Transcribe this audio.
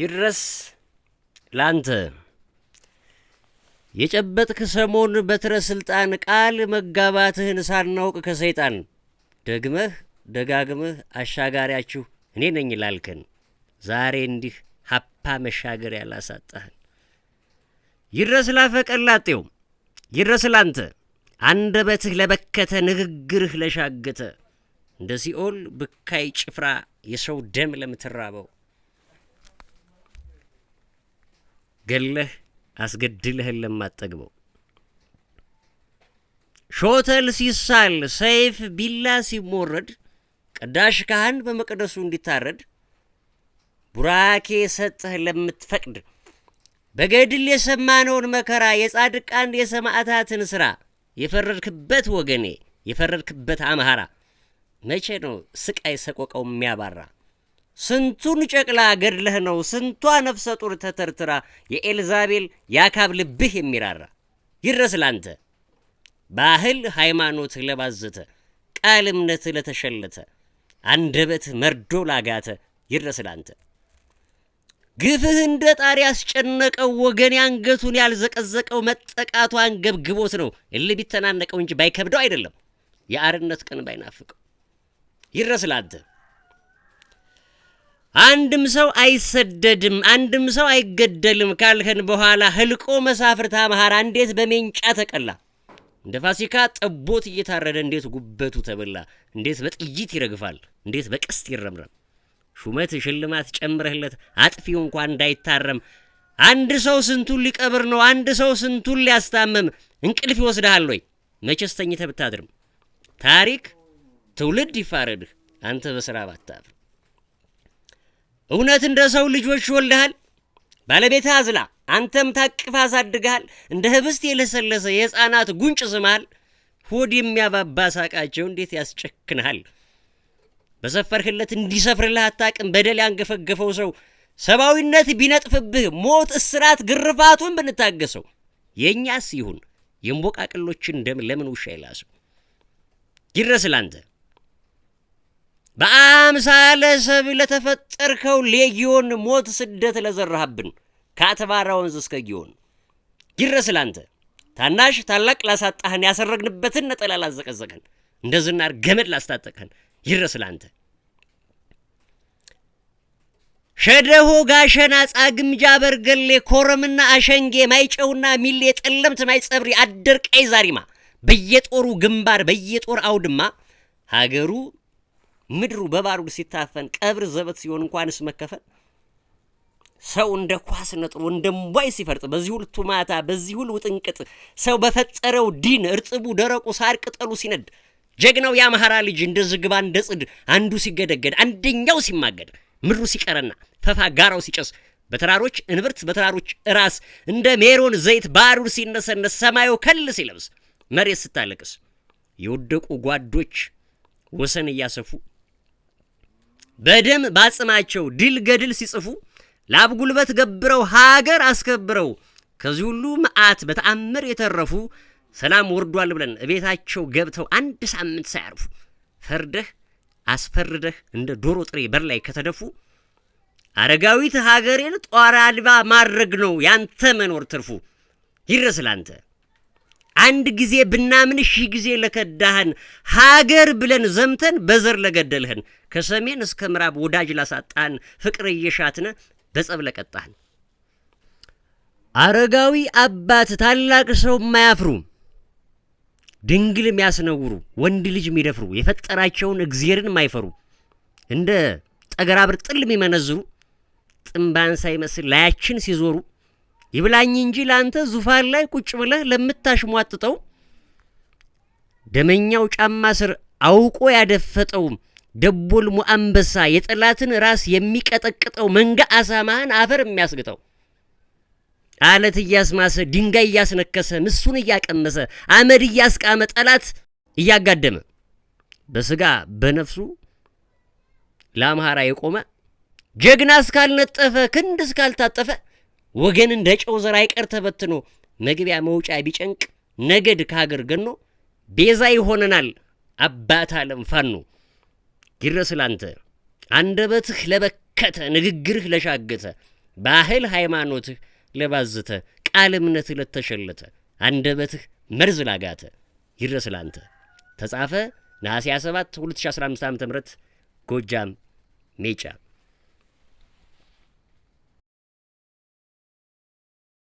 ይድረስ ላንተ የጨበጥክ ሰሞን በትረ ስልጣን ቃል መጋባትህን ሳናውቅ ከሰይጣን ደግመህ ደጋግመህ አሻጋሪያችሁ እኔ ነኝ ላልከን ዛሬ እንዲህ ሀፓ መሻገር ያላሳጣህን ይድረስ ላፈቀላጤው ይድረስ ላንተ አንደበትህ ለበከተ ንግግርህ ለሻገተ እንደ ሲኦል ብካይ ጭፍራ የሰው ደም ለምትራበው ገለህ አስገድለህን ለማጠግበው ሾተል ሲሳል ሰይፍ ቢላ ሲሞረድ ቀዳሽ ካህን በመቅደሱ እንዲታረድ ቡራኬ ሰጥህ ለምትፈቅድ በገድል የሰማነውን መከራ የጻድቃን የሰማዕታትን ሥራ የፈረድክበት ወገኔ የፈረድክበት አምሃራ መቼ ነው ስቃይ ሰቆቀው የሚያባራ? ስንቱን ጨቅላ ገድለህ ነው ስንቷ ነፍሰ ጡር ተተርትራ የኤልዛቤል የአካብ ልብህ የሚራራ ይድረስ ላንተ ባህል ሃይማኖት ለባዘተ ቃል እምነት ለተሸለተ አንደበት መርዶ ላጋተ ይድረስ ላንተ ግፍህ እንደ ጣሪ ያስጨነቀው ወገን አንገቱን ያልዘቀዘቀው መጠቃቱ አንገብግቦት ነው እል ቢተናነቀው እንጂ ባይከብደው አይደለም የአርነት ቀን ባይናፍቀው ይድረስ ላንተ አንድም ሰው አይሰደድም፣ አንድም ሰው አይገደልም ካልከን በኋላ ህልቆ መሳፍርታ መሐራ እንዴት በሜንጫ ተቀላ? እንደ ፋሲካ ጠቦት እየታረደ እንዴት ጉበቱ ተበላ? እንዴት በጥይት ይረግፋል? እንዴት በቀስት ይረምረም? ሹመት ሽልማት ጨምረህለት አጥፊው እንኳ እንዳይታረም አንድ ሰው ስንቱን ሊቀብር ነው? አንድ ሰው ስንቱን ሊያስታምም? እንቅልፍ ይወስድሃል ወይ? መቼስ ተኝተህ ብታድርም ታሪክ ትውልድ ይፋረድህ፣ አንተ በስራ ባታፍር እውነት እንደ ሰው ልጆች ወልደሃል። ባለቤት አዝላ አንተም ታቅፍ አሳድገሃል። እንደ ህብስት የለሰለሰ የሕፃናት ጉንጭ ስማል። ሆድ የሚያባባ ሳቃቸው እንዴት ያስጨክንሃል። በሰፈርህለት እንዲሰፍርልህ አታቅም። በደል ያንገፈገፈው ሰው ሰብአዊነት ቢነጥፍብህ ሞት፣ እስራት፣ ግርፋቱን ብንታገሰው የእኛስ ይሁን የእንቦቃቅሎችን ደም ለምን ውሻ ይላሰው? ይድረስ ላንተ። በአምሳለ ሰብእ ለተፈጠርከው ሌጊዮን ሞት ስደት ለዘራሃብን ከአትባራ ወንዝ እስከ ጊዮን ይድረስ ላንተ ታናሽ ታላቅ ላሳጣህን ያሰረግንበትን ነጠላ ላዘቀዘቀን እንደ ዝናር ገመድ ላስታጠቀን ይድረስ ላንተ ሸደሆ ጋሸና ጻግምጃ በርገሌ ኮረምና አሸንጌ ማይጨውና ሚሌ ጠለምት ማይጸብሪ አደር ቀይ ዛሪማ በየጦሩ ግንባር በየጦር አውድማ ሀገሩ ምድሩ በባሩድ ሲታፈን ቀብር ዘበት ሲሆን እንኳንስ መከፈል ሰው እንደ ኳስ ነጥሮ እንደ ቧይ ሲፈርጥ በዚህ ሁሉ ቱማታ በዚህ ሁሉ ውጥንቅጥ ሰው በፈጠረው ዲን እርጥቡ ደረቁ ሳር ቅጠሉ ሲነድ ጀግናው የአምሃራ ልጅ እንደ ዝግባ እንደ ጽድ አንዱ ሲገደገድ አንደኛው ሲማገድ ምድሩ ሲቀረና ፈፋ ጋራው ሲጨስ በተራሮች እንብርት በተራሮች ራስ እንደ ሜሮን ዘይት ባሩር ሲነሰነስ ሰማዩ ከል ሲለብስ መሬት ስታለቅስ የወደቁ ጓዶች ወሰን እያሰፉ በደም ባጽማቸው ድል ገድል ሲጽፉ ላብ ጉልበት ገብረው ሀገር አስከብረው ከዚህ ሁሉ መዓት በተአምር የተረፉ ሰላም ወርዷል ብለን እቤታቸው ገብተው አንድ ሳምንት ሳያርፉ ፈርደህ አስፈርደህ እንደ ዶሮ ጥሬ በር ላይ ከተደፉ አረጋዊት ሀገሬን ጧሪ አልባ ማድረግ ነው ያንተ መኖር ትርፉ። ይድረስ ላንተ። አንድ ጊዜ ብናምን ሺህ ጊዜ ለከዳህን ሀገር ብለን ዘምተን በዘር ለገደልህን ከሰሜን እስከ ምዕራብ ወዳጅ ላሳጣህን ፍቅር እየሻትነ በጸብ ለቀጣህን አረጋዊ አባት ታላቅ ሰው የማያፍሩ ድንግል የሚያስነውሩ ወንድ ልጅ የሚደፍሩ የፈጠራቸውን እግዜርን የማይፈሩ እንደ ጠገራ ብርጥል የሚመነዝሩ ጥንባን ሳይመስል ላያችን ሲዞሩ ይብላኝ እንጂ ለአንተ ዙፋን ላይ ቁጭ ብለህ ለምታሽሟጥጠው ደመኛው ጫማ ስር አውቆ ያደፈጠው ደቦል ሙአንበሳ የጠላትን ራስ የሚቀጠቅጠው መንጋ አሳማህን አፈር የሚያስግጠው አለት እያስማሰ ድንጋይ እያስነከሰ ምሱን እያቀመሰ አመድ እያስቃመ ጠላት እያጋደመ በስጋ በነፍሱ ለአምሃራ የቆመ ጀግና እስካልነጠፈ ክንድ እስካልታጠፈ ወገን እንደ ጨው ዘር አይቀር ተበትኖ መግቢያ መውጫ ቢጨንቅ ነገድ ከሀገር ገኖ ቤዛ ይሆነናል አባት አለም ፋኖ። ይድረስ ላንተ አንደበትህ ለበከተ ንግግርህ ለሻገተ ባህል ሃይማኖትህ ለባዘተ ቃል እምነትህ ለተሸለተ አንደበትህ መርዝ ላጋተ ይድረስ ላንተ። ተጻፈ ነሐሴ 7 2015 ም ጎጃም ሜጫ